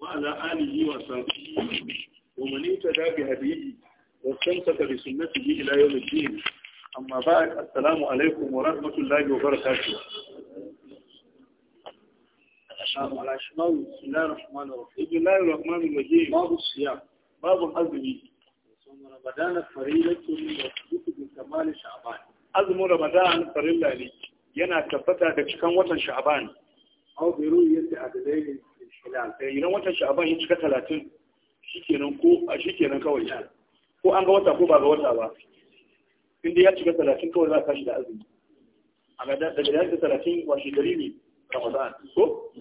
وعلى آله وصحبه ومن اهتدى بهديه واستمسك بسنته إلى يوم الدين أما بعد السلام عليكم ورحمة الله وبركاته السلام عليكم بسم الله الرحمن الرحيم بسم الله الرحمن الرحيم باب الصيام باب العزم ثم رمضان فريضة وصدق بكمال شعبان عزم رمضان فريضة yana tabbata da cikin watan sha'ban aw bi ru'yati adadaini idan watan sha'aban ya cika talatin shikenan ko a shikenan kawai ko an ga wata ko ba ga wata ba inda ya cika talatin kawai za a tashi da azumi a ga daga yadda talatin washe gari ne ramadan ko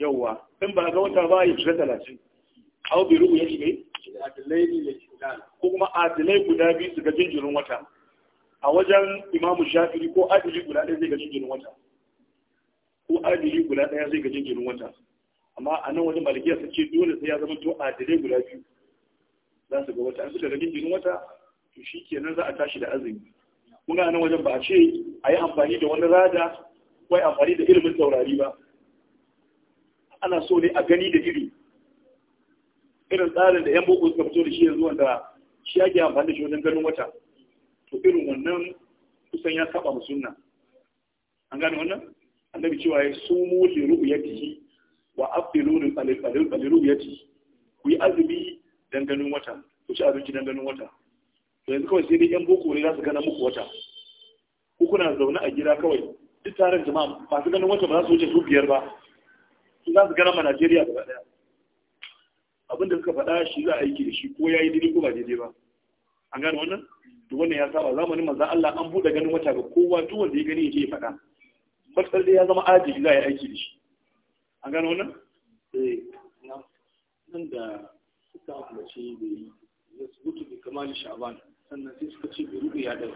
yawwa in ba ga wata ba ya cika talatin au bi rubu ya ne ko kuma adilai guda biyu su ga jinjirin wata a wajen imamu shafiri ko adili guda ɗaya zai ga jinjirin wata ko adili guda ɗaya zai ga jinjirin wata amma a nan wajen malikiyar sun ce dole sai ya zama to dare guda biyu za su ga wata an suka ragin jinin wata to shi nan za a tashi da azumi Muna a nan wajen ba a ce a yi amfani da wani rada ko a amfani da ilimin taurari ba ana so ne a gani da iri irin tsarin da yan boko suka fito da shi yanzu wanda shi ake amfani da shi wajen ganin wata to irin wannan kusan ya saba mu sunna an gane wannan annabi cewa ya sumu li yakihi wa qalil liqalil yati ku yi azumi dan ganin wata ku ci abinci dan ganin wata to yanzu kawai sai dai yan boko ne za su gana muku wata ku kuna zaune a gida kawai duk taron jama'a su ganin wata ba za su wuce su biyar ba su za su gana ma Najeriya gaba daya abin da suka faɗa shi za a yi da shi ko ya yi daidai ko ba daidai ba an gane wannan to wannan ya saba zamanin manzo Allah an buɗe ganin wata ga kowa duk wanda ya gani ya je ya faɗa bakar dai ya zama ajili za a yi aiki da shi an gano wannan eh nan da suka ambace da ya mutu da kamali sha'aban sannan sai suka ce bi ya da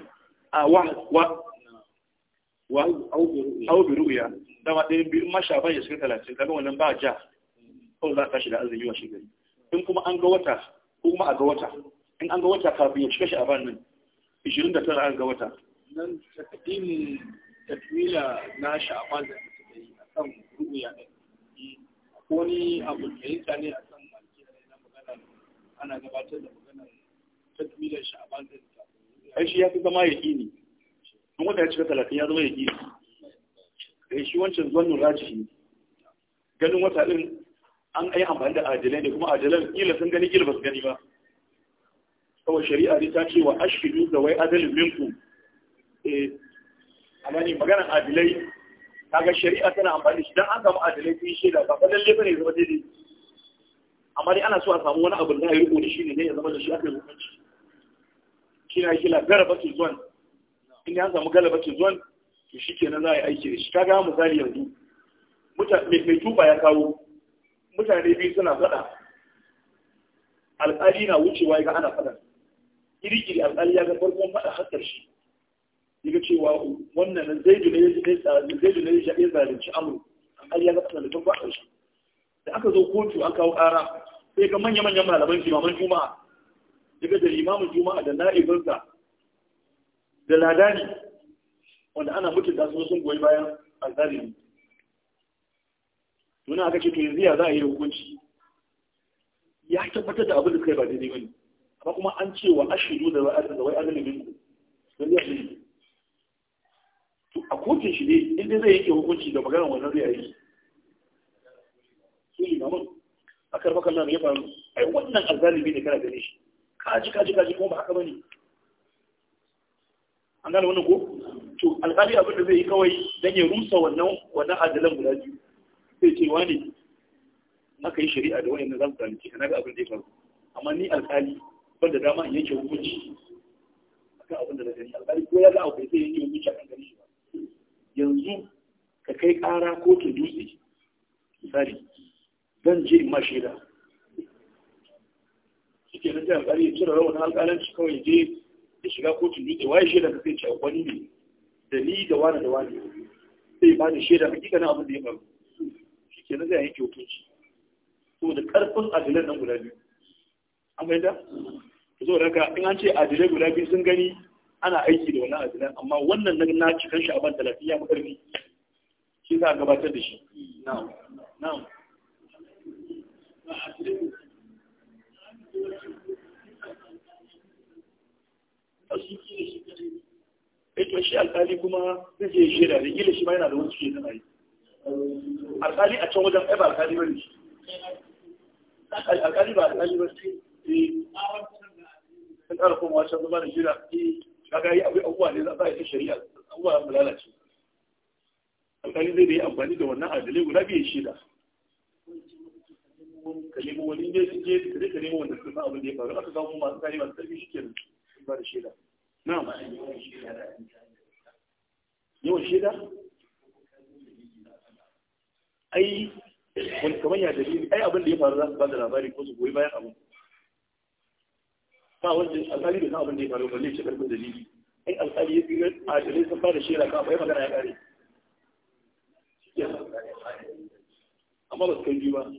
a wa wa wa au da ru'ya dama ɗaya biyu ma sha'aban ya suka talatin kaga wannan ba ja kawai za a tashi da azumi wa shigari in kuma an ga wata ko kuma a ga wata in an ga wata kafin ya cika sha'aban nan tara an ga wata nan takadimin tafiya na sha'aban da suka yi a kan akan ya ɗin ko ni abu fahimta ne a kan maliki na magana ana gabatar da maganar takmilar sha'aban da ai shi ya fi zama yaki ne in wata ya cika talatin ya zama yaki ne eh, shi wancan zannin raji ne ganin wata ɗin an yi amfani da ajalai ne kuma ajalan kila sun gani kila ba su gani ba kawai shari'a ne ta ce wa ashirin da wai adalin minku eh ana maganar adilai kaga shari'a tana amfani da shi dan an samu adalai shi da ba fa lalle bane zama daidai amma dai ana so a samu wani abu da ya riko da shi ne ya zama da shi aka hukunci shi na kila galabatin zuwan in ya samu galabatin zuwan to shi kenan za a yi aiki da shi kaga misali yanzu mai tuba ya kawo mutane biyu suna faɗa alƙali na wucewa ga ana fada iri-iri alƙali ya ga farkon faɗa har shi. yaga cewa wannan zaidu ne ya ya zalunci amru an ya ga sanadin ba a shi da aka zo kotu an kawo ƙara sai ga manya-manyan malaman limaman juma'a daga da limamin juma'a da na'ibinsa da ladani wanda ana mutunta su sun goyi bayan azalimi tuna aka ce to yanzu ya za a yi hukunci ya tabbatar da abin da kai ba daidai bane amma kuma an ce wa ashidu da wa'azin da wai azalimin ku don ya a kotun shi ne inda zai yake hukunci da maganar wannan zai yi su yi mamun a karfa kallon ya faru A yi wannan azalimi ne kana gane shi kaji kaji kaji kuma ba haka ba ne. an gane wannan ko to alƙali abin da zai yi kawai don ya rusa wannan wannan adalan guda biyu sai ce wani na kai shari'a da wayannan zan zalunci kana ga abin da ya faru amma ni alƙali ban da dama in yanke hukunci akan abin da na gani alƙali ko ya ga abu sai yanke hukunci akan gani shi ba yanzu ka kai ƙara ko ta dutse misali zan je in mashida shi ke nan jihar ƙari ya cire rawan alƙalanci kawai je ya shiga kotun dutse waye shaida ka sai cewa wani ne da ni da wani da wani sai ba da shaida na abin da ya faru shi ke nan zai yanke hukunci da ƙarfin adilan nan guda biyu an fahimta? ka zo da ka in an ce adilai guda biyu sun gani ana aiki da wani azinan amma wannan na na cikin shi a ban talafi ya shi za a gabatar da shi na'am eh, shi alkali kuma zai je shi da gila shi ma yana da wani cikin zanayi. Alkali a can wajen ba alkali ba ne shi. Alkali ba alkali ba ne. Eh, a ƙara kuma wacan zama da shida. Eh. kaga yi akwai abubuwa ne za a yi shari'a abubuwa mu lalace alƙali zai da yi amfani da wannan adalai guda biyu shida ka nemo wani ne su je ka rika wanda suka san abin da ya faru aka samu masu kare masu ƙarfi shi kenan ba da shaida na yawan shaida ai wani kamar ya dalili ai abin da ya faru za su ba da labari ko su goyi bayan abin ba wanda alƙali bai san abin da ya faru balle ce karfin dalili Ai alƙali ya fi adalai sun fara shera ka bai magana ya ƙare amma ba su kai ba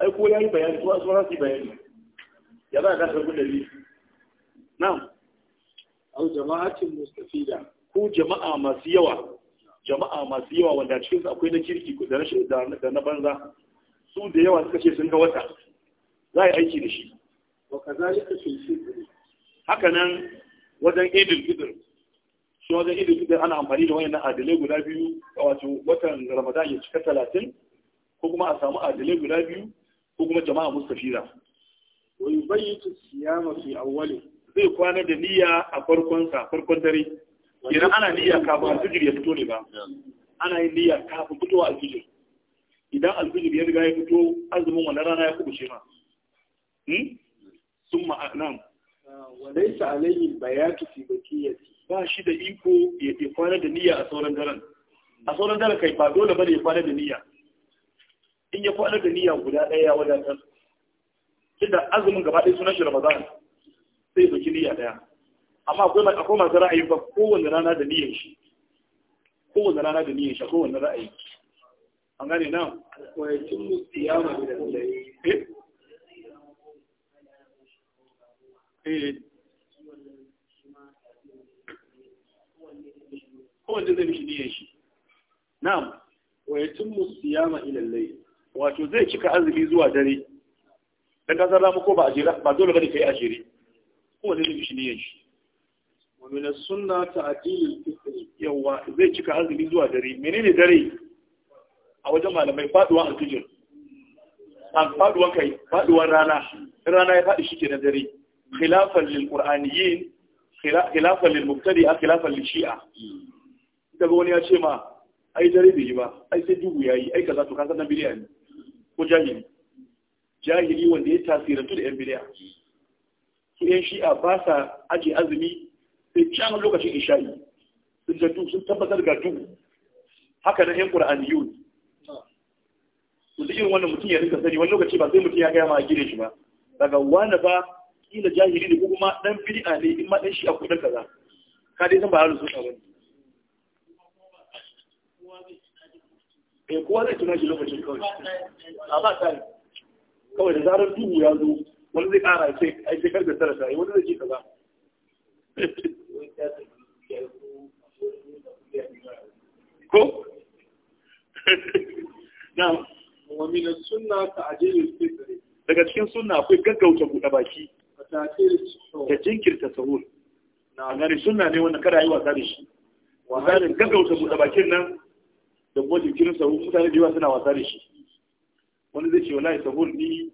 ai ko ya yi bayani ko su ba su yi bayani ya za a kasa karfin dalili na'am au jama'atin mustafida ko jama'a masu yawa jama'a masu yawa wanda cikin su akwai na kirki da na banza su da yawa suka ce sun ga wata za a yi aiki da shi haka nan wajen idil fitr shi wajen idil fitr ana amfani da wayannan adalai guda biyu wato watan ramadan ya cika talatin ko kuma a samu adalai guda biyu ko kuma jama'a mustafira wa yubayyitu siyama fi awwali zai kwana da niyya a farkon sa farkon dare idan ana niyya kafin alfijir ya fito ne ba ana yin niyya kafin fitowa alfijir idan alfijir ya riga ya fito azumin wannan rana ya kubuce ma sun ma'anam walaisa alayhi bayatu fi bakiyati ba shi da iko ya kwana da niyya a sauran daren a sauran daren kai ba dole ba ne ya kwana da niyya in ya kwana da niyya guda daya ya wadatar Inda azumin gaba ɗaya sunan shi ramadan sai baki niyya daya amma akwai akwai masu ra'ayi ba kowanne rana da niyyar shi kowanne rana da niyyar shi kowanne ra'ayi an gane nan, wa yatimmu siyama bil layl eh? Eh. kowanne zai mishi niyan shi na'am wa yatimmu siyama ila al-layl wato zai cika azumi zuwa dare dan kasar ramu ko ba ajira ba dole bane kai ajiri kowanne zai mishi niyan shi wa min as-sunna ta'dil al-fitr yawa zai cika azumi zuwa dare menene dare a wajen malamai faduwa al-fajr an faduwa kai faduwa rana rana ya fadi shi ke na dare khilafan lil qur'aniyyin khilafan lil mubtadi'a khilafan lil shi'a wani ya ce ma ai dare bai yi ba ai sai duhu yayi ai kaza to kaza nan bidiya ne ko jahili jahili wanda ya tasirantu da yan bidiya su yan shi'a ba sa aje azumi sai can lokacin isha'i sun ga duhu sun tabbatar ga duhu haka na yan qur'aniyun to duk irin wannan mutum ya rika sani wani lokaci ba sai mutum ya gaya ma a gire shi ba daga wani ba kila jahili ne ko kuma dan bid'a ne in ma dan shi akwai kaza ka dai san ba halin sunna bane eh kowa zai tuna shi lokacin kawai a ba ta kawai da zarar duhu ya zo wani zai kara ya ce ai sai da tara sai wani zai ce kaza ko na wa min as-sunnah ta'jilul fitr daga cikin sunna akwai gaggauta buɗe baki da jinkirta sahur na gani suna ne wanda kada yi wasa da shi wasa da gaggauta buɗe bakin nan da kuma jinkirin sahur mutane da yawa suna wasa da shi wani zai ce wallahi sahur ni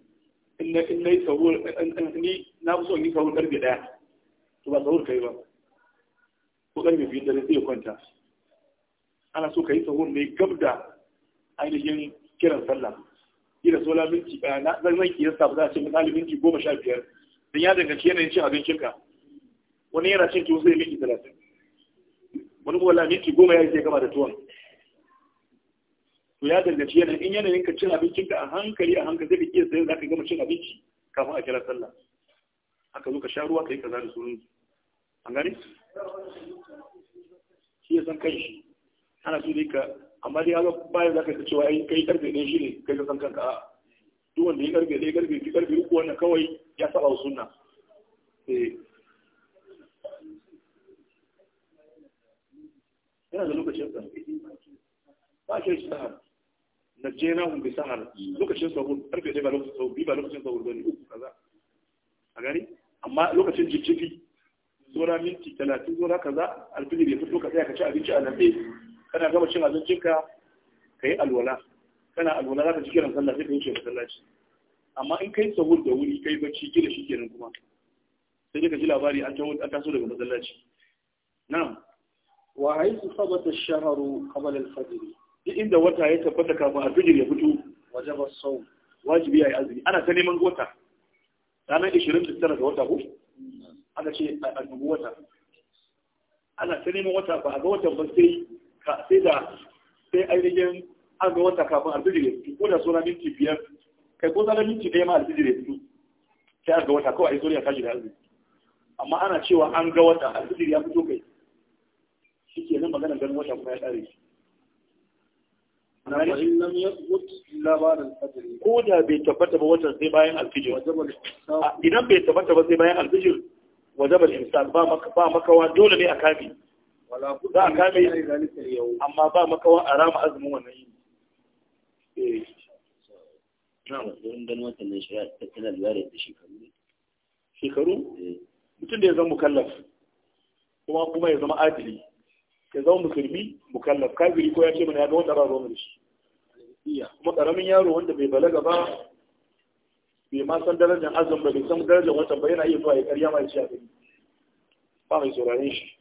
in na in na yi sahur ni na fi son yi sahur karfe ɗaya to ba sahur kai ba ko karfe biyu da zai kwanta ana so ka yi sahur ne gab da ainihin kiran sallah kila sola minti ɗaya eh, na zan zan kiyasta ba za a ce misali minti goma sha biyar don ya danganci yanayin cin abincinka wani yana cin tuwo zai miki talatin wani kuma lamiti goma ya ke gama da tuwon to ya danganci yanayin in yanayin ka cin abincinka a hankali a hankali zai iya sayar zaka gama cin abinci kafin a kira sallah haka zo ka sha ruwa ka yi kaza da sunan an gani shi ya san shi ana so dai ka amma dai haka bayan zaka ka ta cewa kai karfe ɗaya shi ne kai ka san kanka a duk wanda ya karfe ɗaya karfe biyu karfe uku wannan kawai ya saba sunna yana da lokacin sa ba shi shi sahar na je na hun bi sahar lokacin sahur karfe ɗaya ba lokacin sahur bi ba lokacin sahur bane uku kaza a gani amma lokacin jijjifi zora minti talatin zora kaza alfili bai fito ka tsaya ka ci abinci a nan ɗaya kana gama cin abincinka ka yi alwala kana alwala za ka ji kiran sallah sai ka wuce masallaci amma in kai sahur da wuri kai bacci gida shi kenan kuma sai dai ka ji labari an tawo an taso daga masallaci na'am wa haythu sabata ash-shahru qabla al-fajr duk inda wata ya tabbata kafin al-fajr ya fito wajaba sawm wajibi ai azumi ana ta neman wata ranar 29 ga wata ko ana ce a dubu wata ana ta neman wata ba a ga watan ba sai sai da sai ainihin an ga wata kafin al-fajr ya fito ko da sauran minti biyar kai ko zalar minti ɗaya ma alfijir ya fito sai a ga wata kawai a yi zuriya tashi da arziki amma ana cewa an ga wata alfijir ya fito kai shi ke nan magana ganin wata kuma ya tsare shi ko da bai tabbata ba watan sai bayan alfijir idan bai tabbata ba sai bayan alfijir wajabar insan ba makawa dole ne a kame za a kame amma ba makawa a rama azumin wannan yi. wurin ganin watan nan shari'a ta tana lura da shekaru shekaru eh. mutum da ya zama mukallaf kuma kuma ya zama adili ya zama musulmi mukallaf kafiri ko ya ce mana ya ga wata ba zuwa shi kuma karamin yaro wanda bai balaga ba bai ma san darajar azum ba bai san darajar watan ba yana iya zuwa ya karya ma ya a gari ba mai sauraren shi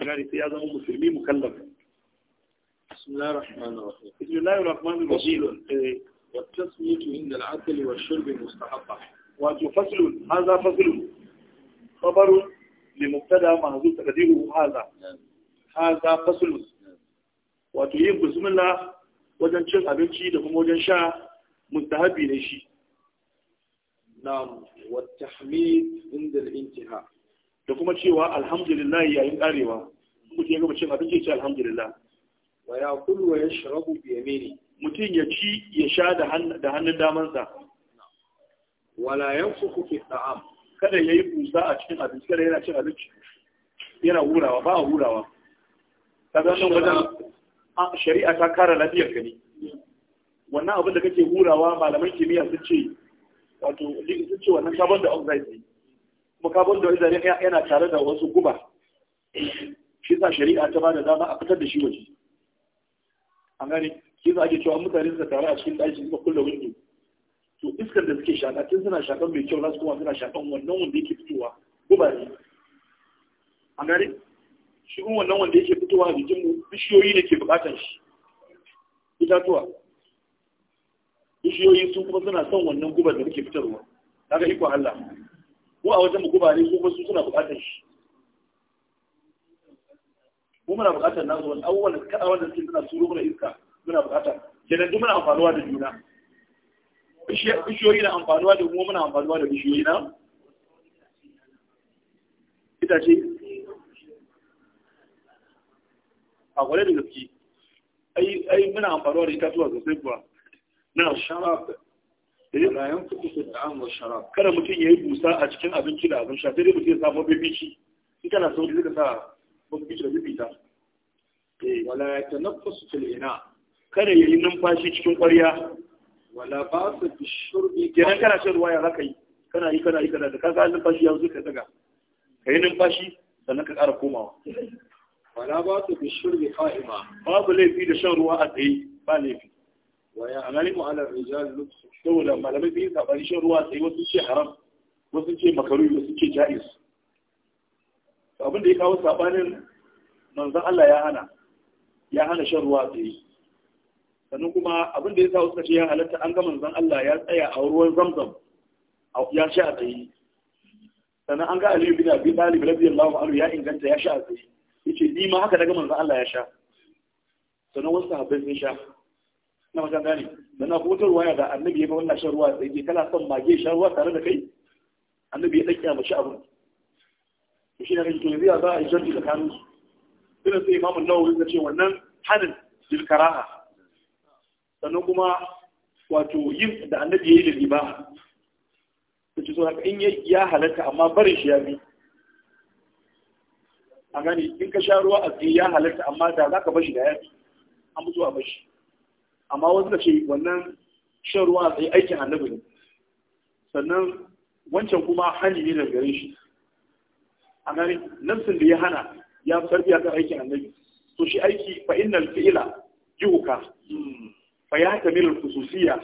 yana da ya zama musulmi mukallaf بسم الله الرحمن الرحيم بسم الله الرحمن الرحيم والتسمية عند الأكل والشرب مستحبة وفصل هذا فصل خبر لمبتدا محذوف تقديره هذا هذا فصل wato yin bismillah wajen cin abinci da kuma wajen sha mustahabi ne shi na'am wa tahmid inda al-intiha da kuma cewa alhamdulillah yayin karewa mutum ya gama cin abinci ya ce alhamdulillah wa yaqulu wa yashrabu bi yamini mutum ya ci ya sha da hannun damansa wala su kuke ta'am kada ya yi busa a cikin abinci kada yana cin abinci yana hurawa ba a hurawa zan nan wajen shari'a ta kara lafiyar gani wannan abin da kake hurawa malaman kimiyya sun ce wato sun ce wannan carbon dioxide ne kuma carbon dioxide yana tare da wasu guba shi sa shari'a ta ba da dama a fitar da shi waje an gane shi za ke cewa mutane suka taru a cikin ɗaki suka kulle windo to iskar da suke shaka tun suna shakan mai kyau nasu kuma suna shakan wannan wanda yake fitowa gubari a gare shi kuma wannan wanda yake fitowa a jikin mu bishiyoyi ne ke buƙatar shi itatuwa bishiyoyi sun kuma suna son wannan gubar da muke fitarwa daga iko Allah ko a wajen guba ne su kuma su suna buƙatar shi mu muna bukatar nasu wani abubuwan da suka da suke suna suro mana iska muna bukata kenan duk muna amfanuwa da juna bishiyoyi na amfanuwa da kuma muna amfanuwa da bishiyoyi na itace a kwale da gaske ai muna amfanuwa da da sosai kuwa na yi rayan kuɗi da ta'am wa sharab kada mutum ya yi busa a cikin abinci da abin sha sai mutum ya samu bibici in kana sauri da ka sa bibici da bibita eh, wala ya tanaffasu fil ina kada ya yi numfashi cikin ƙwarya wala ba su fi shurbi kenan kana shan ruwa ya zaka yi kana yi kana yi kana da kaga numfashi yanzu ka daga ka yi numfashi sannan ka ƙara komawa wala ba su fi shurbi ba. babu laifi da shan ruwa a tsaye ba laifi wa a alimu ala rijal lubsu saboda malamai sun yi sabani shan ruwa a tsaye wasu ce haram wasu ce makaruhi wasu ce Ja'is. abin da ya kawo sabanin manzon Allah ya hana ya hana shan ruwa a tsaye sannan kuma abin da ya sa suka ce ya halatta an ga manzon Allah ya tsaya a ruwan zamzam ya sha a tsaye sannan an ga Aliyu bin Abi Talib radiyallahu anhu ya inganta ya sha a tsaye yace ni ma haka daga manzon Allah ya sha sannan wasu sahabbai sun sha na maka gani dan akwai wata ruwaya da annabi ya ga wannan shan ruwa tsaye kana son mage shan ruwa tare da kai annabi ya dakiya mace abin to shi ne kake to yanzu ya za a yi jarji tsakanin su irin sai imamu nawawi ya ce wannan hanin dilkaraha sannan kuma wato yin da annabi yi da ibaha ta ce suna in ya halatta amma barin shi ya bi a gani in ka sha ruwa a tsaye ya halatta amma da za ka bashi da ya bi an mutu a bashi amma wasu da ce wannan shan ruwa a tsaye aikin annabi ne sannan wancan kuma hani ne daga gare shi a gani nafsin da ya hana ya fi sarfi akan aikin annabi to shi aiki fa'in na fi'ila yuka hmm. fa ya tamil khususiyya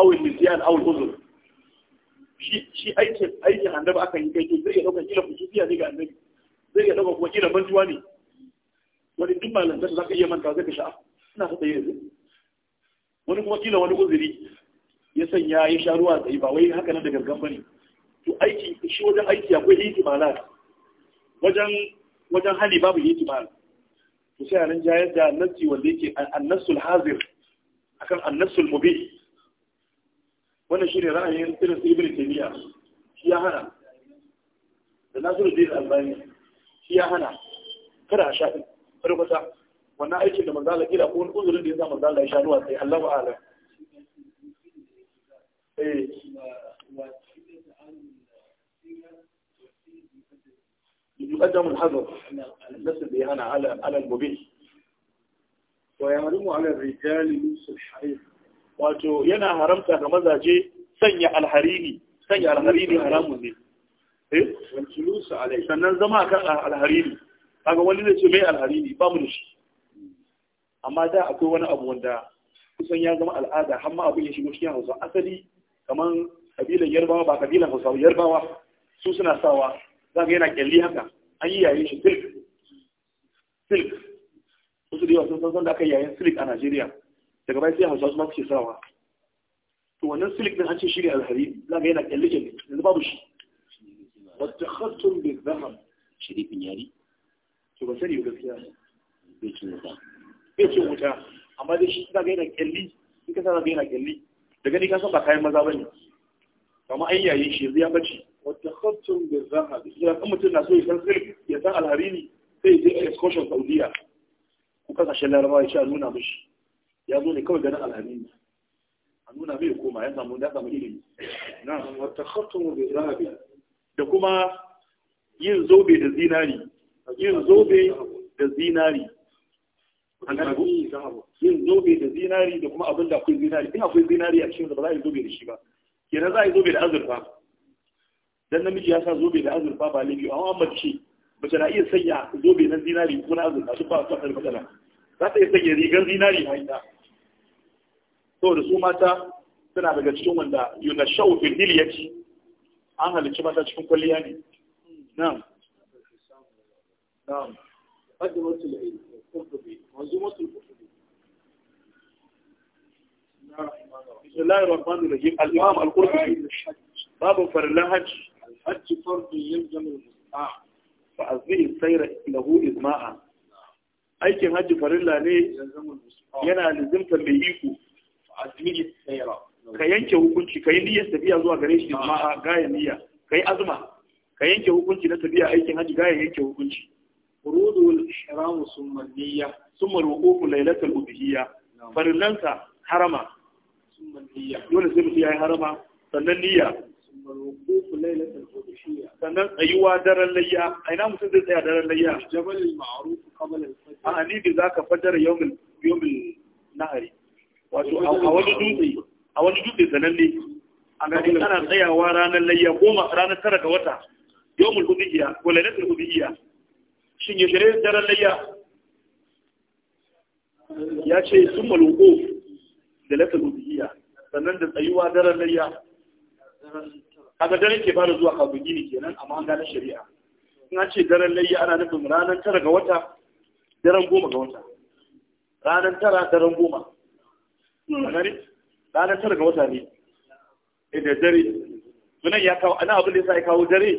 aw al-nisyan aw al-uzr shi shi aikin aikin annabi aka yi kai zai ya dauka kila kususiya ne ga annabi zai ya dauka kuma kila banjuwa ne wani duk malam da zaka iya manta zai zaka sha'a ina ta tsaye yanzu wani kuma kila wani uzuri ya sanya ya sha ruwa tsayi ba wai haka nan da gargan bane to aiki shi wajen aiki akwai ihtimala wajen wajen hali babu ihtimal to sai a nan jayar da nassi wanda yake annasul hazir akan annasu mubi wannan shine ra'ayin irin ibn tabiya shi ya hana da nasu da albani shi ya hana kada a shafi rubuta wannan aikin da manzala kila ko wani uzurin da ya sa manzala ya shanuwa sai Allahu a'lam eh يقدم الحذر الناس اللي هنا على على المبيح wa yahrimu ala rijali lusul harir wato yana haramta ga mazaje sanya alharini sanya alharini haramun ne eh wal julusu alai sannan zama kan alharini kaga wani zai ce mai alharini ba mu da shi amma da akwai wani abu wanda kusan ya zama al'ada har ma abin ya shigo cikin Hausa asali kaman kabilan Yarbawa ba kabilan Hausa Yarbawa su suna sawa zaga yana kyalli haka an yi yayin shi silk silk da yawa sun san san da aka yayin silik a Najeriya daga bai sai Hausa ma suke sawa to wannan silik din an ce shine alhari za ga yana kyalle kyalle yanzu babu shi wattakhattum bi dhahab shirifin yari to ba sani gaskiya bai cin wuta bai cin wuta amma dai shi za ga yana kyalli in ka sa za ga yana kyalli da gani ka san ba kayan maza bane kamar an yayin shi yanzu ya bace wattakhattum bi dhahab ya kuma mutum na so ya san silik ya san alhari ne sai ya je excursion Saudiya ko kasashen Laraba ya ce a nuna mishi ya zo ne kawai ganin al'amini a nuna mai koma ya samu ya samu ilimi na wata khattun da zahabi da kuma yin zobe da zinari yin zobe da zinari yin zobe da zinari da kuma abin da akwai zinari in akwai zinari a cikin da ba za a yi zobe da shi ba kenan za a yi zobe da azurfa dan namiji ya sa zobe da azurfa ba laifi amma mace Bace na iya sanya zobe na zinari ko na azurfa duk ba a tsakar matsala za ta iya sanya rigar zinari haita da su mata suna daga cikin wanda yuna sha'u fil hilyati an halicci mata cikin kwalliya ne na'am na'am qadmatul qurtubi manzumatul qurtubi بسم الله الرحمن الرحيم الإمام القرطبي باب فرلا حج الحج فرض يلزم المستطاع فأزيه aikin hajji farilla ne yana lizimta mai iko ka yanke hukunci ka yi niyyar tafiya zuwa gare shi ma a gaya niyya ka yi azuma ka yanke hukunci na tafiya aikin hajji gaya yanke hukunci rudul ihram summa niyya summa wuqufu lailatul ubihiya farillansa harama summa niyya dole sai mutum yi harama sannan niyya sannan tsayuwa daren layya a ina mutum zai tsaya daren layya jabalin ni qabla za ka a anibi zaka fajar yawmin nahari wato a wani dutse a wani dutse sananne a gari ana tsayawa ranar layya goma ranar tara ga wata yawmin hudiyya ko lailatul hudiyya shin ya shirya daren layya ya ce sun maluko da lailatul hudiyya sannan da tsayuwa daren layya kaga dare ke fara zuwa kafin gini kenan amma an gane shari'a in an ce daren layya ana nufin ranar tara ga wata daren goma ga wata ranar tara daren goma ranar tara ga wata ne eh, da dare suna ya kawo ana abin da ya sa ya kawo dare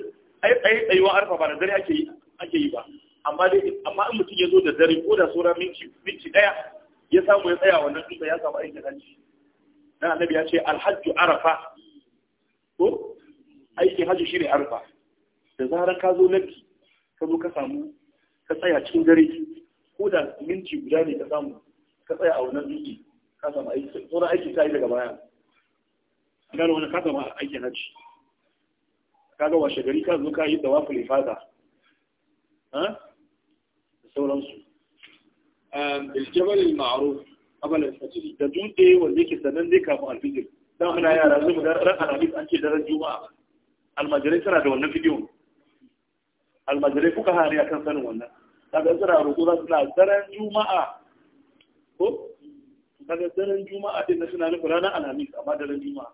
ai ai tsayuwa arfa ba da dare ake yi ake yi ba amma dai amma in mutum ya zo da dare ko da sauran minti minti daya ya samu ya tsaya wannan duka ya samu aikin hajji dan annabi ya ce alhajju arafa aikin hajji ne arfa da zarar ka zo nabi ka zo ka samu ka tsaya cikin dare ko da minti guda ne ka samu ka tsaya a wannan dutse ka samu aiki sauran aiki ta yi daga baya gano wani ka samu aikin hajji ka ga washe gari ka zo ka yi dawa fulifada da sauransu الجبل المعروف قبل الفجر da dutse wanda yake sanan zai kafin alfijir dan ana yara zuwa ran alhamis an ce daren juma'a almajirai suna da wannan bidiyon almajirai kuka hari akan sanin wannan kaga suna roƙo za su na daren juma'a ko kaga daren juma'a din na suna nufin ranar alhamis amma daren juma'a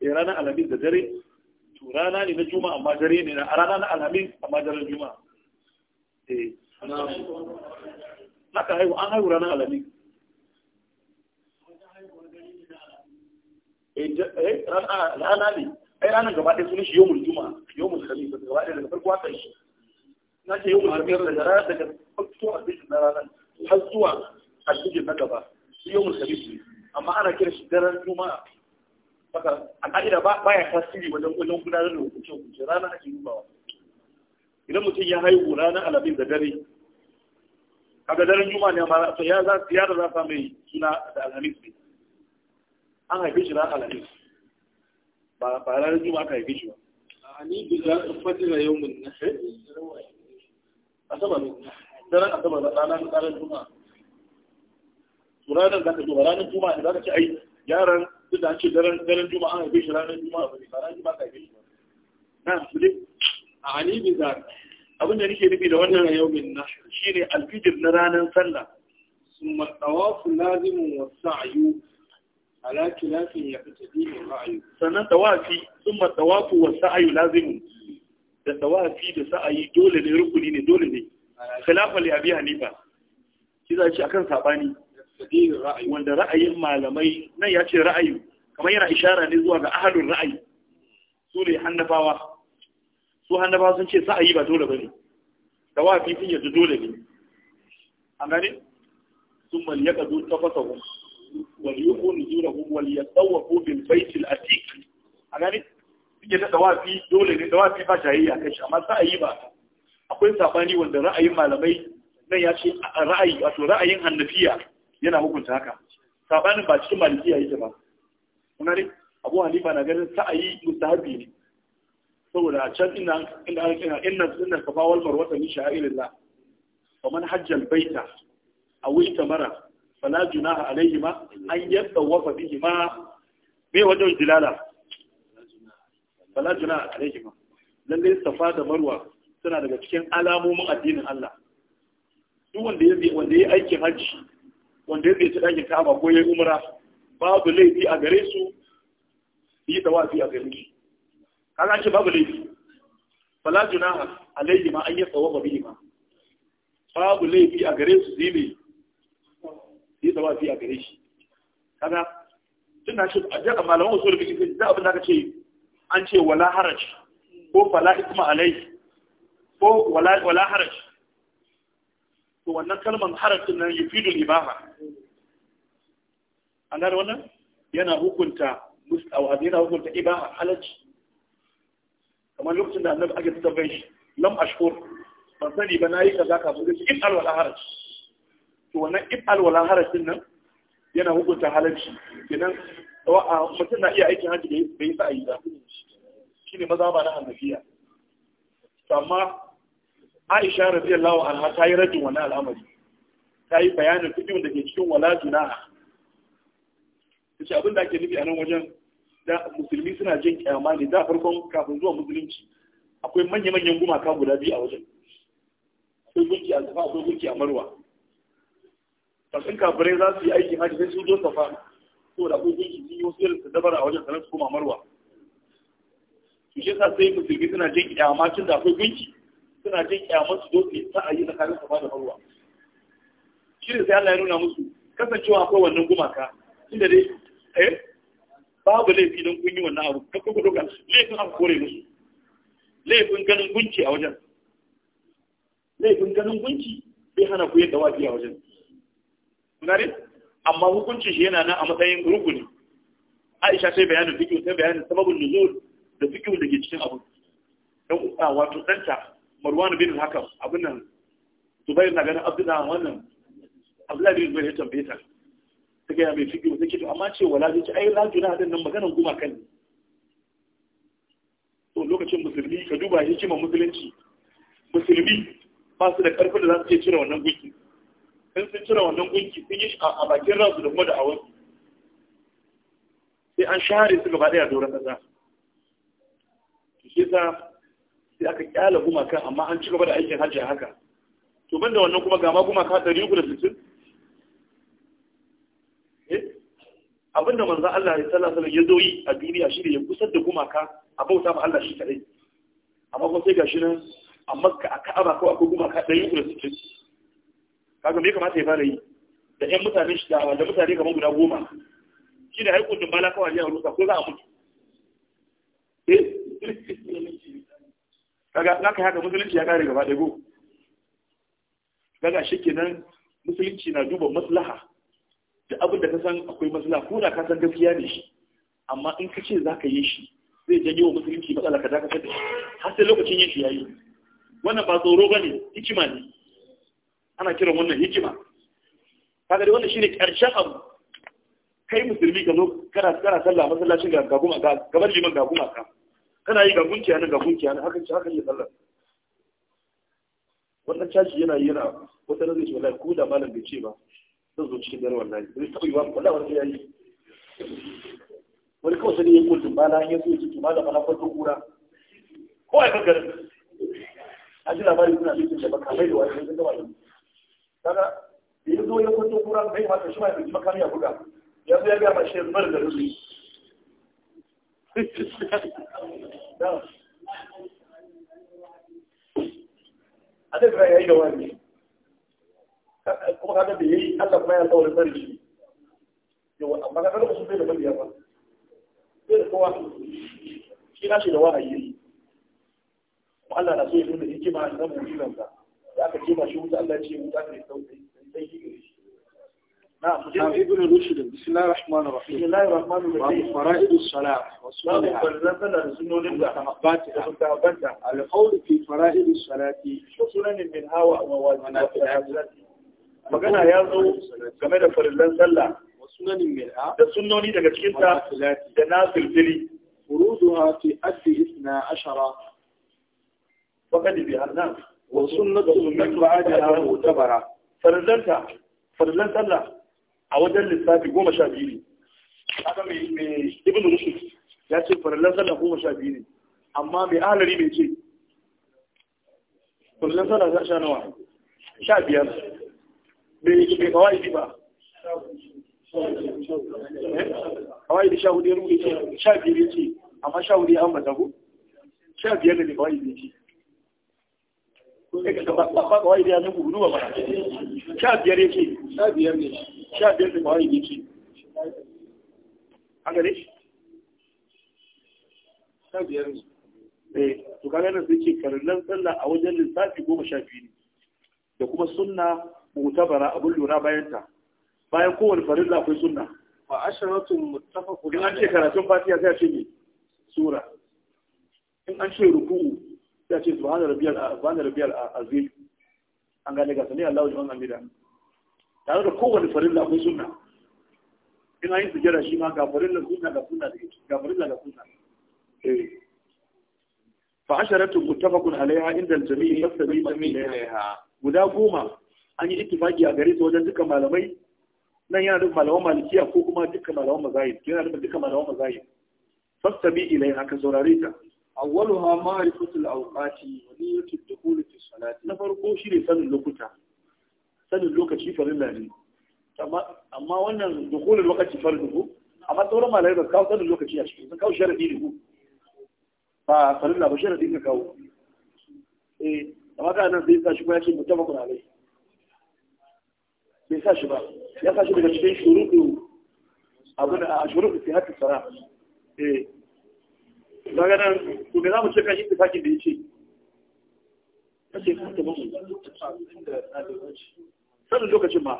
eh ranar alhamis da dare to rana ne na juma'a amma dare ne na rana na alhamis amma daren juma'a eh haka haihu an haihu ranar alhamis eh rana ne ai ranar gaba ɗaya sunan shi yau mun juma'a yau mun kami ba gaba ɗaya daga farko wata shi na ce yau mun kami daga rana daga farko a cikin na ranar har zuwa a cikin na gaba shi yau mun kami amma ana kira shi daren juma'a haka a ƙa'ida ba ya tasiri wajen wajen gudanar da hukunce hukunce rana ake dubawa idan mutum ya haihu ranar alamin da dare a daren juma'a ne amma ya za ya da za mai suna da alamis ne an haife shi ranar ba ba ranar juma'a aka haife shi ba ani bi za ka fadila yawmin nashr eh? asabar daren asabar da ranar ranar juma'a Su ranar za ka duba ranar juma'a ne za ka ce ai yaran su da ce daren daren juma'a an haife shi ranar juma'a ba ne ba ranar juma'a ka haife shi ba na su dai ani bi za abin da nake nufi da wannan na, shi ne alfijir na ranar sallah summa tawafu lazimun wasa'yu ala kilafin ya ra'ayi sannan tawafi sun ma tawafi wa sa'ayi lazimu da tawafi da sa'ayi dole ne rukuni ne dole ne khilafa li abi hanifa shi za ci akan sabani wanda ra'ayin malamai nan ya ce ra'ayi kamar yana ishara ne zuwa ga ahadun ra'ayi su ne hannafawa su hannafawa sun ce sa'ayi ba dole bane tawafi sun yadda dole ne an gane sun mal yaqadu tafasahum وليوفوا نذورهم وليطوفوا بالبيت العتيق أنا suke da dawafi dole ne dawafi ba a kai shi amma yi ba akwai sabani wanda ra'ayin malamai nan ya ce ra'ayi wato ra'ayin hannafiya yana hukunta haka sabanin ba cikin malikiya yake ba kuma ne abu ba na ganin sa'ayi mustahabi ne saboda a can ina inda aka kira inna sunnar kafawal marwata min sha'irillah wa man hajjal baita aw itamara fala junaha ma an yadda wafa bihima me wajen jilala fala junaha alaihima lalle safa da marwa suna daga cikin alamomin addinin Allah duk wanda ya wanda ya aikin haji, wanda ya tsaye dakin kama ko ya umra babu laifi a gare su da tawafi a gare su kaga ce babu laifi fala junaha ma an yadda wafa bihima babu laifi a gare su zibi yi tawafi a gare shi kaga tun da shi a jaka malaman usul fiqh sai da abin da aka ce an ce wala haraj ko fala isma alai ko wala wala haraj to wannan kalmar haraj din nan yufidu al-ibaha an gane wannan yana hukunta mustawa yana hukunta ibaha halaj. kamar lokacin da annabi ake tabbayin shi lam ashkur ban sani ba nayi kaza kafin in alwala haraj to wannan if wala harajin nan yana hukunta halarci kenan mutum na iya aikin hajji da bai sa yi ba ne maza ba na hannafiya amma Aisha radiyallahu anha ta yi rajin wannan al'amari ta yi bayanin fikin da ke cikin wala juna shi abin da ake nufi a nan wajen da musulmi suna jin kyama ne da farkon kafin zuwa musulunci akwai manya-manyan gumaka guda biyu a wajen akwai gunki a zafa akwai gunki a marwa kafin kafirai za su yi aikin hajji sai sun zo safa saboda akwai gunki sun yi wasu irin dabara a wajen sanar su koma marwa to shi yasa sai musulmi suna jin kyamacin da akwai gunki suna jin kyamar su zo su yi sa'ayi tsakanin safa da marwa shi ne sai Allah ya nuna musu kasancewa akwai wannan gumaka inda dai eh babu laifi don kun yi wannan abu Ka ku doka laifin aka kore musu laifin ganin gunki a wajen laifin ganin gunki bai hana ku yadda wafi a wajen gane amma hukuncin shi yana nan a matsayin rukuni Aisha sai bayanin fikin sai bayanin sababin nuzul da fikin da ke cikin abu dan uwa wato danta Marwan bin Hakam abin nan Zubair na ganin nan wannan Abdullahi bin Zubair ya tambaye ta ta gaya mai fikin take to amma ce wala zai ci ai rajuna din nan maganar kan ne to lokacin musulmi ka duba hikimar musulunci musulmi ba su da karfin da za su iya cire wannan gunki in sun cire wannan gunki sun yi a bakin ransu da kuma da awon sai an share su gaba daya doron kasa shi sa sai aka kyala gumakan amma an ci gaba da aikin hajji haka to banda wannan kuma gama gumaka ɗari uku da sittin eh? abinda manzan Allah ya sallah sallah ya zo yi a duniya shi ne ya kusa da gumaka a bauta ma Allah shi kaɗai amma kuma sai ga shi nan a makka a ka'aba kawai akwai gumaka ɗari uku da sittin kaga me kamata ya fara yi da ƴan mutane shi da mutane kamar guda goma shi da haikun dun bala kawai ya rusa ko za a mutu eh kaga na kai haka musulunci ya kare gaba ɗaya go kaga kenan musulunci na duba maslaha da abin da ka san akwai maslaha ko da ka san gaskiya ne shi amma in ka ce za ka yi shi zai janyo wa musulunci matsala ka dakatar da shi har sai lokacin yin shi ya yi wannan ba tsoro ba ne hikima ne ana kiran wannan hikima kaga dai wannan shine karshen abu kai musulmi ka zo kana kana sallah masallacin ga ga ka ga gaban liman ga ka kana yi ga gunki anan ga gunki anan haka haka ne sallah wannan caji yana yana wata nazo zai ce wallahi ko da malam bai ce ba zan zo cikin dare wallahi zai taɓa yiwa wallahi wani yayi wani kawai sai ya kullum ba na yanzu ya ce malam na farko kura ko ai kankan a ji labari suna cikin da baka mai da wani zai gaba yanzu kaga da ya zo ya kwanto kura bai mata shi ma ya ɗauki makami ya buga ya zo ya gaya mashi ya zubar da rufi a duk ya yi da wani kuma kaga da ya yi allah kuma ya tsawon tsari shi yawa amma kaga da sun bai da mabiya ba bai da kowa shi na shi da wahayi Allah na so ya nuna hikima na mu'jizansa da aka jefa shi wuta Allah ya ce wuta mai sauki sai shi نعم ابن رشد بسم الله الرحمن الرحيم بسم الله الرحمن الرحيم فرائض الصلاة والصلاة ومستحباتها القول في فرائض الصلاة سنن منها وموازناتها magana ya zo game da farillan sallah da sunnoni daga cikinta da na filfili furuduha fi addi isna ashara fakadi bi annas Wasu su wa sunnatu min ba'daha mu'tabara farzanta farzan sallah a wajen lissafi goma sha biyu ne aka mai mai ibn Musu ya ce farzan sallah goma sha biyu ne amma mai ahlari mai ce farzan sallah sha nawa sha biyar bai bai kawai ba kawai da sha hudu ya rubuce sha biyar ya ce amma sha hudu ya ambata ku sha biyar da bai kawai ya ce ba ganin da yanzu gudu nan ce karillan sallah a wajen lissafi goma sha biyu ne da kuma sunna mutabara abin lura bayan ta bayan kowane farilla akwai sunna fa asharatun muttafaqun in an ce karatun fatiha sai a ce ne sura in an ce ruku'u sai ce subhana rabbiyal subhana rabbiyal azim an gane ga sani Allahu jiman amida tare da kowane farilla akwai sunna in an yi sujjada shi ma ga farilla sunna ga sunna da ga farilla ga sunna eh fa asharatu muttafaqun alaiha inda al-jami' yastabi ilaiha guda goma an yi ittifaki a gare su wajen dukkan malamai nan yana da malaman malikiya ko kuma dukkan malaman mazahib yana da dukkan malaman mazahib fastabi ilaiha ka saurare ta awwaluha ma'rifatul awqati wa niyyatud dukhul fi salati na farko shi ne sanin lokuta sanin lokaci farilla ne amma wannan dukhul lokaci farilla ko amma sauran malai ba kawo sanin lokaci a cikin sun ko ba farilla ba sharadi ka kawo eh amma ka nan sai ka shi ko ya ce mutafakun alai sa shi ba ya sa shi daga a shuruɗu fi hatta sara eh daga nan to za mu ce kan ittifakin da yace kace ka ta bamu sanin lokacin ma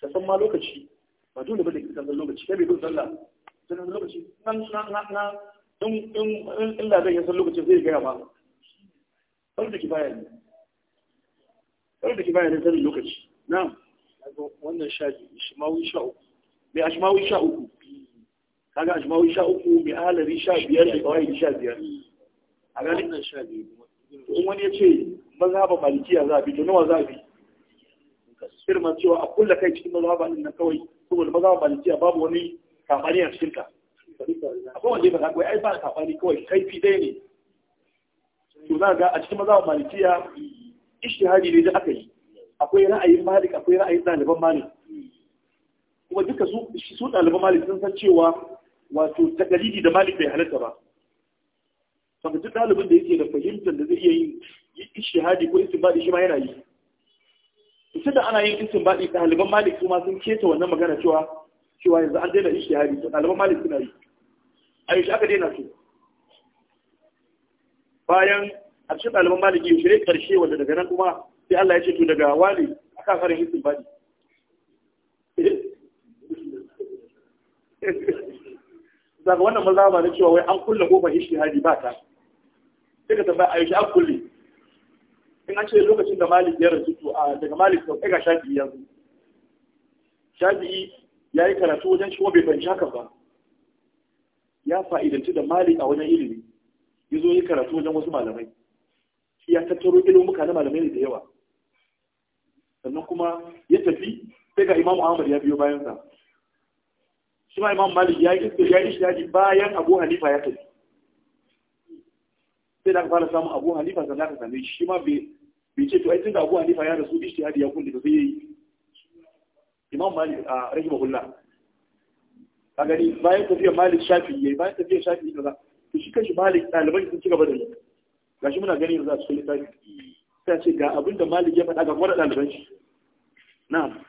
ka san ma lokaci ba dole bane ka san lokaci kai bai bin sallah sanin lokaci nan na na in in in da zai san lokacin zai gaya ba, sai da kifaya ne sai da kifaya ne sanin lokaci na'am wannan shaji shimawi sha uku bai ashmawi sha uku kaga ajma'u sha uku mai alari sha biyar da kawai sha biyar a ganin sha biyu in wani ya ce mazhaban malikiya za a bi to nawa za a bi irin cewa a kulla kai cikin mazhaban nan kawai saboda mazhaban malikiya babu wani kafani a cikin ka akwai wanda ya kawai, ai ba kafani kawai kaifi ɗaya ne to za ga a cikin mazhaban malikiya ishtihadi ne da aka yi akwai ra'ayin malik akwai ra'ayin ɗaliban malik kuma duka su ɗaliban malik sun san cewa wato takalidi da malik bai halatta ba saboda duk ɗalibin da yake da fahimtar da zai iya yin ishihadi ko istinbadi shi ma yana yi ita da ana yin istinbadi ɗaliban malik kuma sun keta wannan magana cewa cewa yanzu an daina ishihadi to ɗaliban malik suna yi a yaushe aka daina su bayan a cikin ɗaliban maliki yaushe ne ƙarshe wanda daga nan kuma sai Allah ya ce to daga wani akan harin istinbadi eh? daga wannan mazhaba na cewa wai an kulle kofar hadi ba ta sai ka tambaya a yaushe an kulle in an ce lokacin da malik ya rasu a daga malik sau ga shafi'i yanzu shafi'i ya yi karatu wajen shi bai ban shakan ba ya fa'idanci da malik a wajen ilimi ya zo yi karatu wajen wasu malamai shi ya tattaro ilimuka na malamai ne da yawa sannan kuma ya tafi sai ga imamu ahmad ya biyo bayansa shi ma imam malik ya yi ya yi shi bayan abu Halifa ya tafi sai da aka fara samun abu Halifa sannan aka same shi ma bai ce to ai tunda abu Halifa ya rasu ishtihadi ya kulle ba sai yayi imam malik a rahimahullah ka gani bayan tafiya malik shafi yayi bayan tafiya shafi kaza to shi kashi malik daliban sun ci gaba da yi gashi muna ganin yanzu a cikin littafi sai ce ga abin da malik ya faɗa ga kuma da ɗaliban shi na'am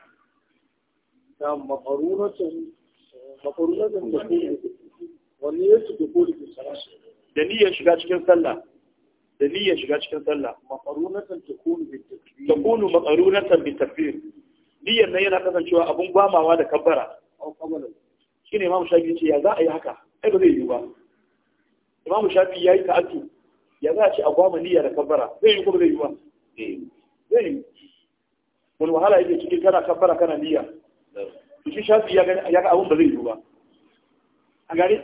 na da niyyar shiga cikin sallah da niyyar shiga cikin sallah maqarunatan takunu bitakbir takunu maqarunatan bitakbir niyyar nan yana kasancewa abun gwamawa da kabbara shine imam shafi ce ya za a yi haka ai ba zai yi ba imam shafi yayi ta'attu ya za a ce a gwama niyyar da kabbara zai yi ko zai yi ba zai yi wani wahala yake cikin kana kabbara kana niyya shi shafi ya ga abun ba zai yi ba a gare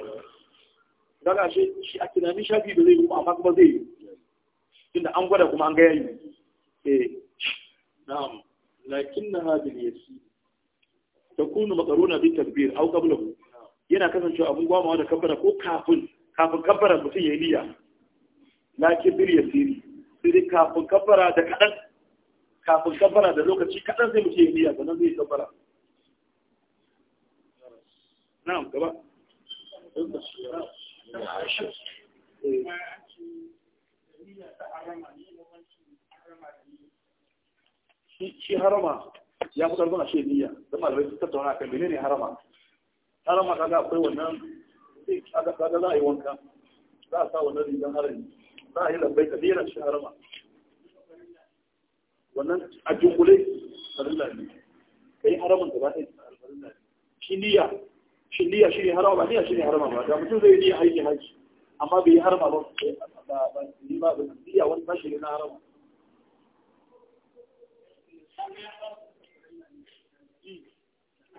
don a shi a tunanin shafi ba zai yi ba amma kuma zai yi tunda an gwada kuma an gaya yi. eh na'am na lakinnaha bil yasir kunu makaruna bi takbir aw qablahu yana kasancewa abun gwamawa da kabbara ko kafin kafin kabbara mutum yi niyya lakin bil yasiri sai dai kafin kabbara da kadan kafin kabbara da lokaci kadan sai mutum yi niyya sannan zai kabbara na'am gaba shi harama ya fi karfin ashe niyya don malamai su tattauna a kan ne harama harama ga akwai wannan kaga kaga za a yi wanka za a sa wannan rigan harami za a yi labbai ka nera shi harama wannan a jungule farilla ne ka yi haraman gaba ɗaya shi niyya shi niyya shi ne harama ba niyya shi ne harama ba da mutum zai niyya aiki haji amma bai harama ba ba ba ni ba ba niyya wani ba shi na harama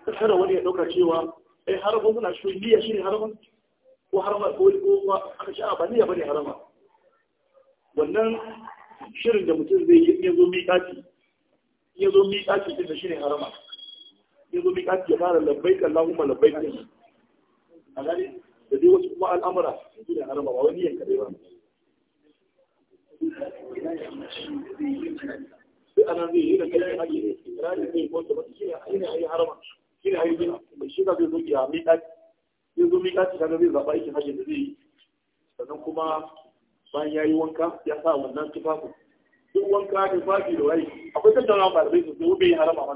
kada wani ya dauka cewa eh harama suna shi niyya shi ne harama ko harama ko ko aka ce ba niyya ba ne harama wannan shirin da mutum zai yi ya zo miƙati ya zo miƙati din da shi ne harama ya zo miƙa ya fara labbaik Allahumma labbaik din a gani da dai wasu kuma al'amura ne harama ba wani yanka dai ba sai anan yi da kai ne kirani zai ko ta shi ne harama shi ne ayi shi ka zai zo ya zo zai zaɓa aikin da zai kuma bayan ya yi wanka ya wannan tufafin duk wanka da da akwai ba da sosai harama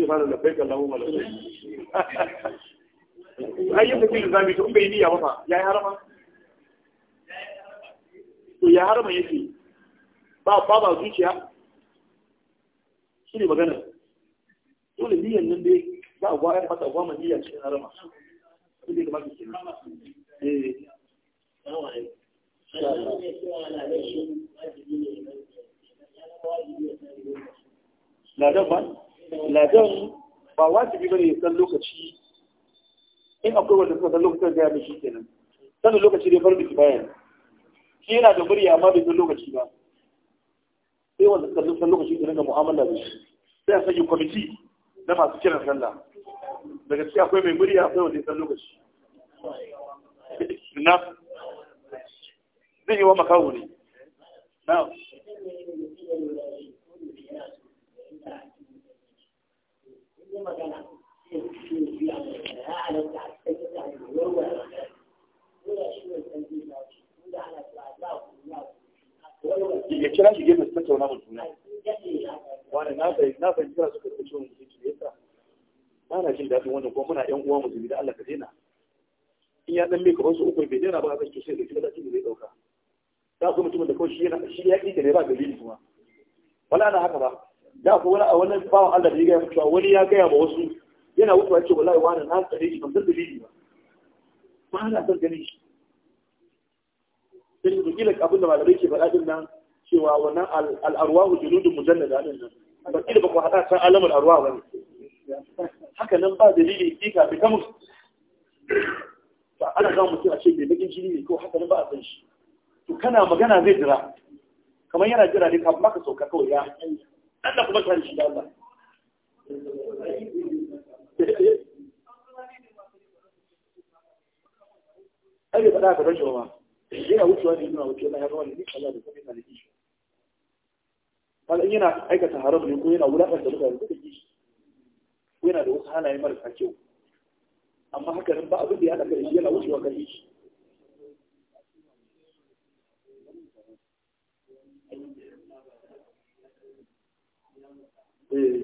sai fara zami to bai harama to ya harama yake ba ba ba zuciya nan dai harama eh ba ladan ba wajibi bane ya san lokaci in akwai wanda suka san lokacin da ya mishi kenan san lokaci dai farbi bayan shi yana da murya amma bai san lokaci ba sai wanda suka san lokaci da ga mu'amala da shi sai a sanya kwamiti na masu kiran sallah daga cikin akwai mai murya akwai wanda ya san lokaci na zai yi wa makawo ne na yi magana sai su fi a ya a cikin ko ko da a za kira shi gefe su tattauna da juna wani na bai na bai kira suka tace mu su ce yasa ba na jin daɗin wannan kuma muna ƴan uwa musulmi da Allah ka daina in ya dan mika su uku bai daina ba zai to da kira da zai dauka da kuma mutumin da kawai shi ya ne ba dalili kuma wala na haka ba da ku wani a wani bawa Allah da ya gaya mutuwa wani ya gaya ma wasu yana wucewa ce wallahi wani na tsare shi ban san dalili ba ba na san ganin shi sai da kila abin da malamai ke faɗa din nan cewa wannan al'arwahu junudun mujallada din nan ban kila ba ku haɗa san alamar arwa ba ne haka nan ba dalili kika bi kamus ba ana zama mutum a ce mai bakin jini ne ko haka nan ba a san shi to kana magana zai jira kamar yana jira ne kafin maka sauka kawai ya Allah kuma ta shi Allah ai ba da ka rashin ba yana wucewa ne yana wucewa ya rawa ne ni Allah da kuma yana kishi kaga in yana aikata haram ne ko yana wulakanta da ko da kishi ko yana da wasu halaye marasa kyau amma haka nan ba abin da ya haɗa kan shi yana wucewa kan kishi Eh.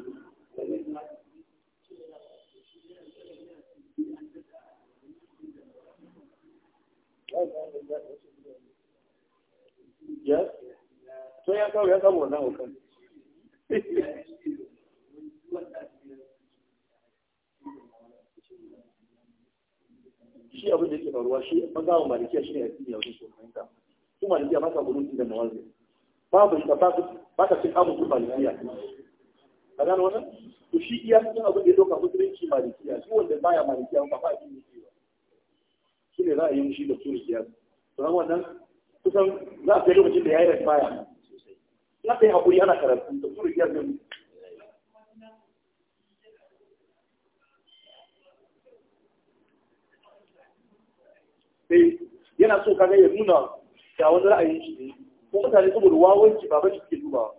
Yes? To ya kawo ya Shi abin da faruwa shi ɓangaren malikiya shi ne a cikin yawon shi malikiya ba sa da mawazin. babu da ba ta cin abu kuma malikiya ka gano wannan to shi iya cikin abin da ya doka musulunci malikiya shi wanda baya malikiya ba ba shi ne shi ne ra'ayin shi da turikiya to nan wannan kusan za a kai mutum da ya yi rasbaya na kai hakuri ana karatu da turikiya zai yana so kaga ya nuna ga wani ra'ayin shi ne ko mutane saboda wawanci baban shi suke dubawa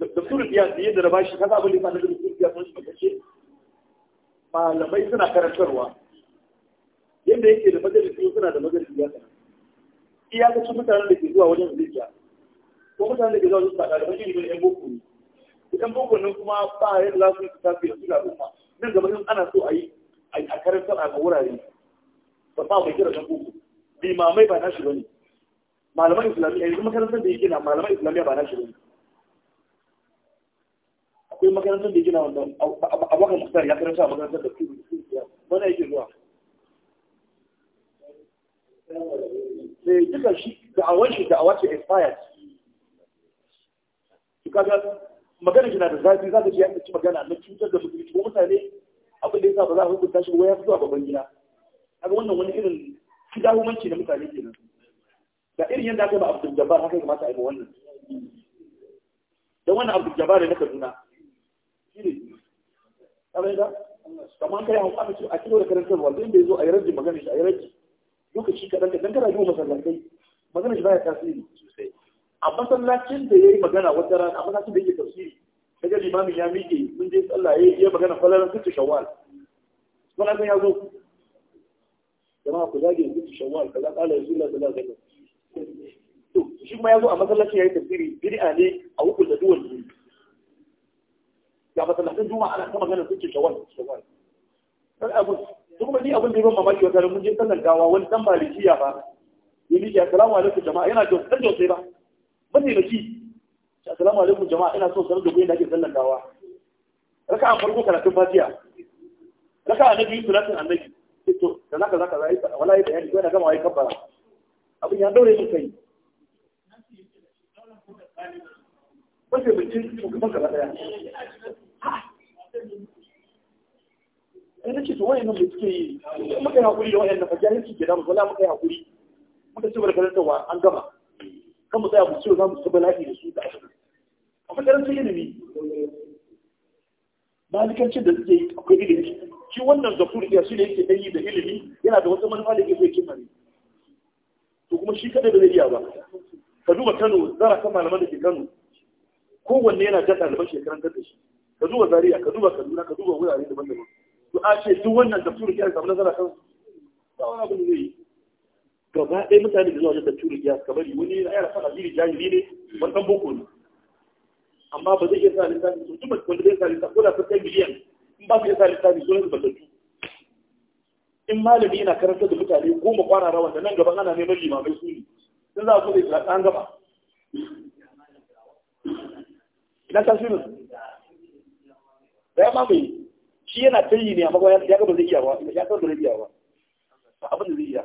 da surfiya da yadda da bashi kaza abin da ya da surfiya sun shiga kashe malamai suna karantarwa yadda yake da majalisi suna da majalisi ya sana iyakacin mutanen da ke zuwa wajen zuciya ko mutanen da ke zuwa wajen sadar da majalisi ne yan boko ne idan boko kuma ba yadda za su yi tafi yanzu ga al'umma nan gaba yin ana so a yi a karantar a wurare ba ba mai kira dan boko limamai ba nashi bane malaman islamiyya yanzu makarantar da yake na malaman islamiyya ba nashi bane akwai makarantar da yake na wanda abokan muktar ya karanta a makarantar da kuma wanda yake zuwa sai eh, duka shi da'awar shi da ce expired kaga magana shi na da zafi za ka ji ya ci magana na cutar da mutum ko mutane abin da sa ba za a hukunta shi ba ya fito a babban gida kaga wannan wani irin kidahumanci na mutane ke nan. da irin yadda aka yi ba Abdul Jabbar haka kamata a yi wannan dan wannan Abdul Jabbar ne na Kaduna shine kamar da kamar kai an kwace a cikin karantarwa dan bai zo a yi rajin magana shi a yi rajin lokaci kadan kadan kana yi masallatai magana shi baya tasiri sosai a masallacin da ya yi magana wata rana a masallacin da yake tafsiri daga limamin ya miƙe mun je sallah ya yi magana falalar sittu shawwal sun san ya zo jama'a ku zage sittu shawwal kaza kala ya zula da zaka to shi kuma ya zo a masallacin ya yi tafsiri bid'a ne a hukun da duwan ne ga masallacin juma'a ana ta magana sittu shawwal shawwal sai abu to kuma ni abin da ya ban mamaki wata mun je tsallan gawa wani dan malikiya ba ya miƙe assalamu alaikum jama'a yana jin dan josai ba mataimaki assalamu alaikum jama'a ina so sanar da ku yadda ake sallan dawa a farko karatun Raka a na biyu salatin annabi to da naka zaka zai wala yi bayani ko na gama wai kabbara abin ya daure shi kai wace bincin shugaban gaba daya ina ce to wayan nan da suke yi muka yi hakuri da wayan na fa jahilci ke da mu wala muka yi hakuri muka ci barkatar an gama kan mu tsaya mu ce za mu ci bala'i da su da asibiti akwai karancin ilimi malikancin da suke yi akwai ilimi shi wannan zafur iya shi ne yake ɗan yi da ilimi yana da wata manufa da yake so ya cimma ne to kuma shi kadai ba zai iya ba ka duba Kano zara kan malaman da ke Kano kowanne yana da ɗaliban shekaran da shi ka duba Zaria ka duba Kaduna ka duba wurare daban-daban to a ce duk wannan zafur iya samu nasara kan ba wani abu ne zai yi gaba ɗaya mutane da zuwa wajen tafsirin ya bari wani na yara fara jiri jahili ne wani ɗan boko ne amma ba zai iya sa lissafi su duk wanda zai sa lissafi ko da su kai miliyan in ba su iya sa lissafi su ne batattu in malami yana karanta da mutane goma kwana rawan da nan gaban ana neman limamai su ne sun za a kuma da isra gaba na ta shirin da ya mamaye shi yana tayi ne amma ya gaba zai iya ba ya gaba zai iya ba abin da zai iya